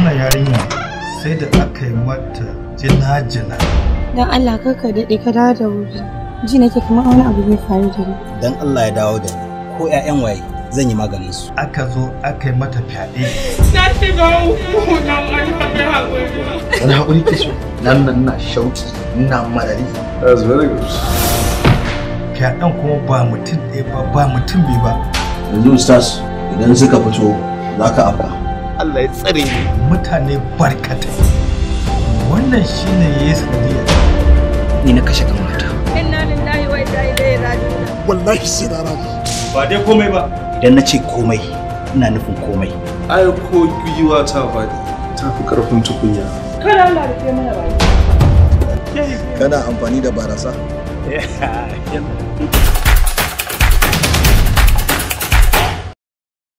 wannan yarinya sai da aka yi mata jina-jina don Allah kar ka daɗe ka dawo da wuri ji nake kamar wani abu bai faru da ni don Allah ya dawo da ni ko 'ya'yan waye zan yi maganin su. Aka zo aka yi mata fyaɗe. Na shiga uku na mata haƙuri. Wani haƙuri ke shi Nan nan na shauki, na marari. That's very good. Fyaɗen kuma ba mutum ɗaya ba, ba mutum biyu ba. Yanzu Ustaz, idan suka fito za ka afka. Allah ya tsare ni mutane barkatai wannan shine Yesu ne. ni na kashe kamata inna lillahi wa inna ilaihi raji'un wallahi sai na rabu ba dai komai ba idan na ce komai ina nufin komai ai ko gwiwa ta ba ta fi karfin tukunya kada Allah rufe mana baki kana amfani da barasa